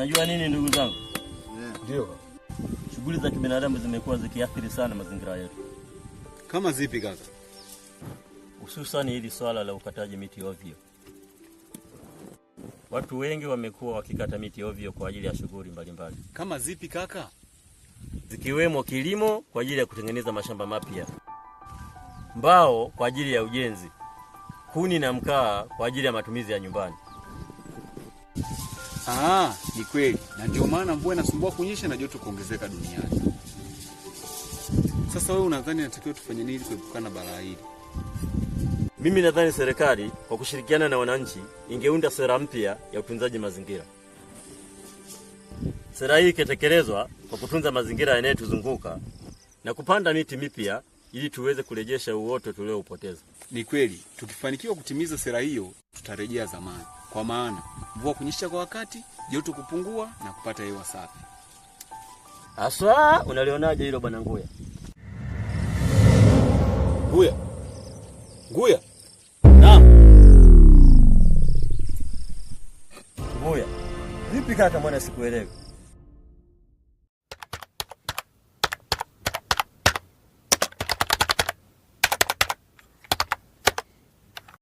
Unajua nini ndugu zangu? Ndio. Shughuli za kibinadamu zimekuwa zikiathiri sana mazingira yetu. Kama zipi kaka? Hususan hili swala la ukataji miti ovyo. Watu wengi wamekuwa wakikata miti ovyo kwa ajili ya shughuli mbalimbali. Kama zipi kaka? Zikiwemo kilimo kwa ajili ya kutengeneza mashamba mapya, mbao kwa ajili ya ujenzi, kuni na mkaa kwa ajili ya matumizi ya nyumbani. Ah, ni kweli, na ndio maana mvua inasumbua kunyesha na joto kuongezeka duniani. Sasa wewe unadhani natakiwa tufanye nini kuepukana na balaa hili? Mimi nadhani serikali kwa kushirikiana na wananchi ingeunda sera mpya ya utunzaji mazingira. Sera hii ikitekelezwa kwa kutunza mazingira yanayotuzunguka na kupanda miti mipya ili tuweze kurejesha uoto tulioupoteza. Ni kweli, tukifanikiwa kutimiza sera hiyo tutarejea zamani kwa maana mvua kunyesha kwa wakati, joto kupungua na kupata hewa safi. Haswa unalionaje hilo bwana Nguya? Nguya, Nguya, naam Nguya. Vipi kaka, mbona sikuelewi?